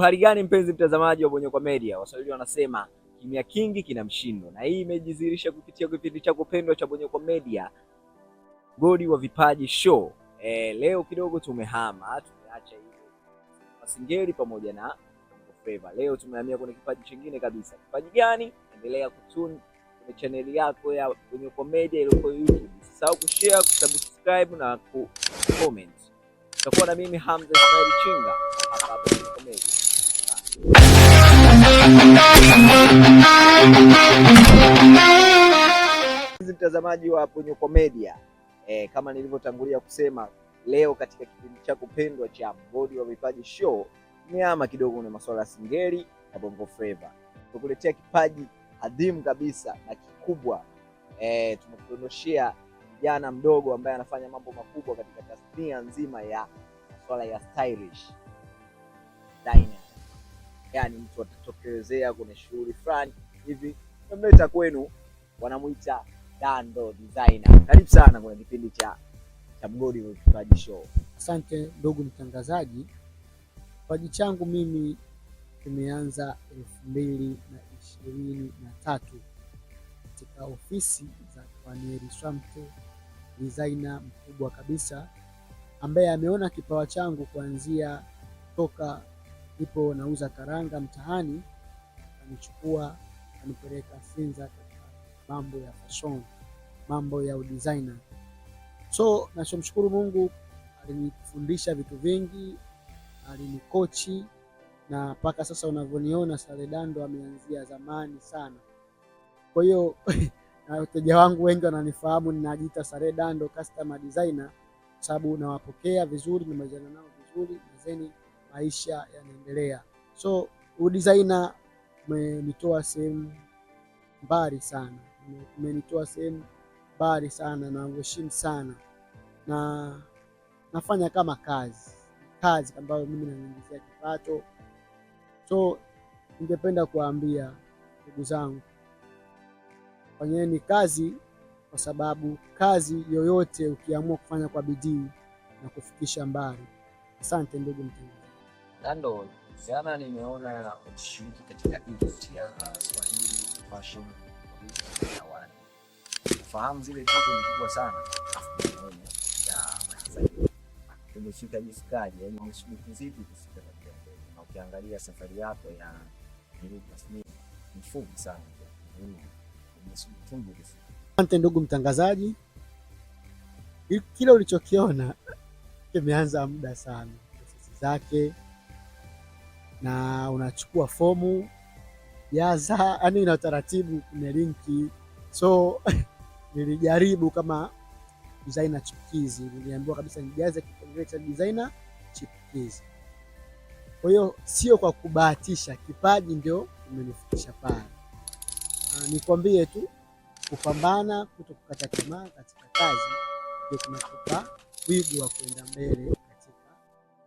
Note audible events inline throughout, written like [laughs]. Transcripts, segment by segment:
Uhali gani mpenzi mtazamaji wa Bonyokwa Media? Waswahili wanasema kimya kingi kina mshindo, na hii imejidhihirisha kupitia kipindi chako pendwa cha Bonyokwa Media Godi wa Vipaji Show. E, leo kidogo tumehama, tumeacha Masingeli pamoja na Fleva. Leo tumehamia kwenye kipaji chingine kabisa. Kipaji gani? Endelea kutune kwenye chaneli yako ya Bonyokwa Media iliyoko YouTube. Usisahau kushare, kusubscribe na ku comment. Utakuwa na mimi Hamza Ismail Chinga hapa hapa Bonyokwa Media. Mtazamaji wa Punyuko Media e, kama nilivyotangulia kusema leo katika kipindi chako pendwa cha Mgodi wa Vipaji Show niama kidogo na masuala ya singeli na bongo Flava. Tukuletea kipaji adhimu kabisa na kikubwa e, eh, tumekudondoshea kijana mdogo ambaye anafanya mambo makubwa katika tasnia nzima ya masuala ya stylish Dine yani mtu atatokelezea kwenye shughuli fulani hivi, amleta kwenu, wanamwita Dando Designer. Karibu sana kwenye kipindi cha cha mgodi Kipaji Show. Asante ndugu mtangazaji. Kipaji changu mimi kimeanza elfu mbili na ishirini na tatu katika ofisi za Panieri Swamto, designer mkubwa kabisa ambaye ameona kipawa changu kuanzia toka Ndipo nauza karanga mtaani, akanichukua akanipeleka Sinza katika mambo ya fashion, mambo ya udesigner. So nachomshukuru Mungu, alinifundisha vitu vingi, alinikochi na mpaka sasa unavyoniona Dando ameanzia zamani sana. Kwa hiyo [laughs] wateja wangu wengi wananifahamu, ninajiita Dando customer designer, sababu nawapokea vizuri, nimejana nao vizuri nazeni maisha yanaendelea. So udisaina umenitoa sehemu mbali sana, umenitoa sehemu mbali sana na uheshimu sana na nafanya kama kazi kazi ambayo mimi naniingizia kipato. So ningependa kuwaambia ndugu zangu, fanyeni kazi, kwa sababu kazi yoyote ukiamua kufanya kwa bidii na kufikisha mbali. Asante ndugu mtangazaji. Nando, jana nimeona ushiriki katika event ya Swahili Fashion Awards. Fahamu zile tatu ni kubwa sana jisikaje, umeshiriki zipi kufika katika na ukiangalia safari yako ya tasnia sana. Asante ndugu mtangazaji, kile ulichokiona kimeanza muda sana, prosesi zake na unachukua fomu jaza, yani ina utaratibu, kuna linki. So [laughs] nilijaribu kama designer chipukizi, niliambiwa kabisa nijaze kipengele cha designer chipukizi. Kwa hiyo sio kwa kubahatisha, kipaji ndio kimenifikisha pale. Nikwambie tu kupambana, kuto kukata tamaa katika kazi ndio kunakupa wigo wa kuenda mbele katika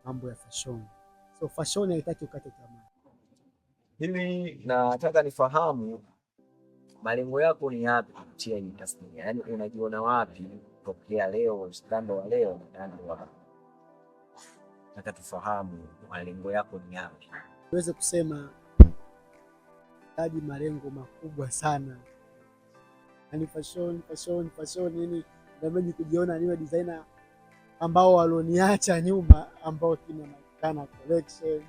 mambo ya fashion. So fashion haitaki ukate tamaa. Mimi nataka nifahamu malengo yako ni yapi kupitia hii tasnia, yaani unajiona wapi tokea leo, stando wa leo mstando wa nataka tufahamu malengo yako ni yapi, niweze kusema taji malengo makubwa sana, yani fashion fashion fashion, yani mimi kujiona niwe designer ambao walioniacha nyuma ambao kina Kana Collection,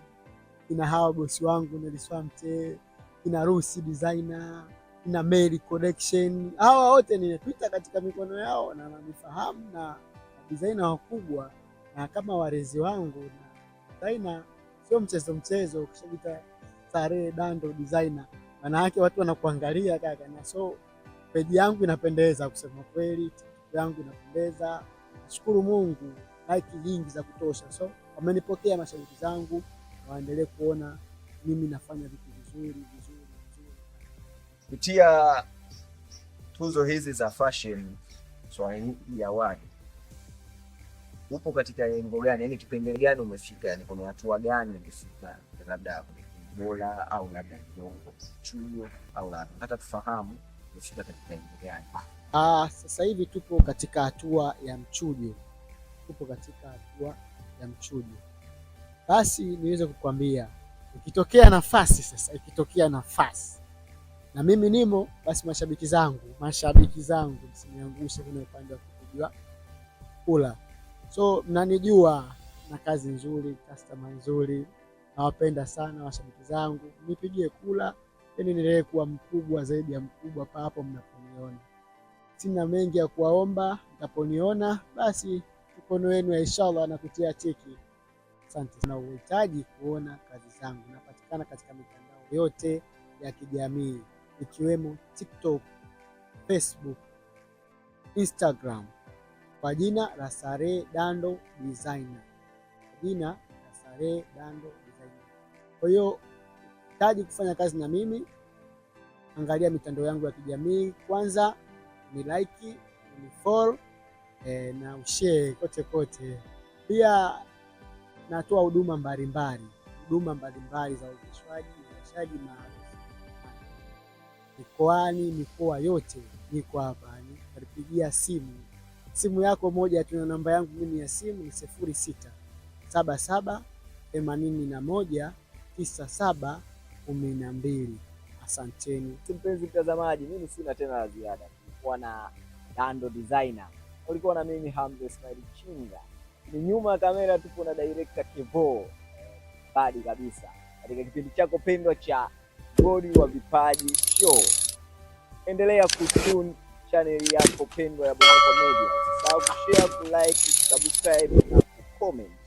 ina hawa bosi wangu Neliswamte, ina Rusi Designer, ina Mary Collection. Hawa wote nimepita katika mikono yao na nanifahamu na designer wakubwa na kama warezi wangu na designer sio mchezo mchezo. Ukishapita Starehe Dando Designer, maana yake watu wanakuangalia kaka, na so peji yangu inapendeza kusema kweli, yangu inapendeza. Nashukuru Mungu, like nyingi za kutosha so wamenipokea mashabiki zangu, waendelee kuona mimi nafanya vitu vizuri vizuri vizuri. Kupitia tuzo hizi za fashion Swahili Award upo katika lengo gani? Yani kipengele gani umefika? Yani kuna hatua gani umefika, labda bora au labda kiongo chuo au labda hata tufahamu umefika katika lengo gani? Ah, sasa hivi tupo katika hatua ya mchujo, tupo katika hatua ya mchujo, basi niweze kukwambia ikitokea nafasi sasa, ikitokea nafasi na mimi nimo, basi mashabiki zangu, mashabiki zangu msiniangushe kwenye upande wa kupigiwa kula. So mnanijua na kazi nzuri, customer nzuri, nawapenda sana mashabiki zangu, nipigie kula ili niendelee kuwa mkubwa zaidi ya mkubwa. Papo mnaponiona sina mengi ya kuwaomba, mtaponiona basi mikono yenu ya inshallah na kutia cheki. Asante na uhitaji kuona kazi zangu, napatikana katika mitandao yote ya kijamii ikiwemo TikTok, Facebook, Instagram kwa jina la Sare Dando Designer, kwa jina la Sare Dando Designer. Kwa hiyo hitaji kufanya kazi na mimi, angalia mitandao yangu ya kijamii kwanza, ni like ni follow e, na ushee kote kote. Pia natoa huduma mbalimbali, huduma mbalimbali za uendeshaji uendeshaji maarufu mikoani, mikoa yote niko hapa, nipigia simu simu yako moja tu na namba yangu mimi ya simu ni sifuri sita saba saba themanini na moja tisa saba kumi na mbili. Asanteni mpenzi mtazamaji, mimi sina tena la ziada. Tulikuwa na Dando Designer ulikuwa na mimi Hamza Ismail Chinga, ni nyuma ya kamera tupo na director Kevo badi kabisa, katika kipindi chako pendwa cha Mgodi wa Vipaji Show. Endelea kutune channel yako pendwa ya Bonyokwa Media, usisahau kushare, kulike, kusubscribe na kucomment.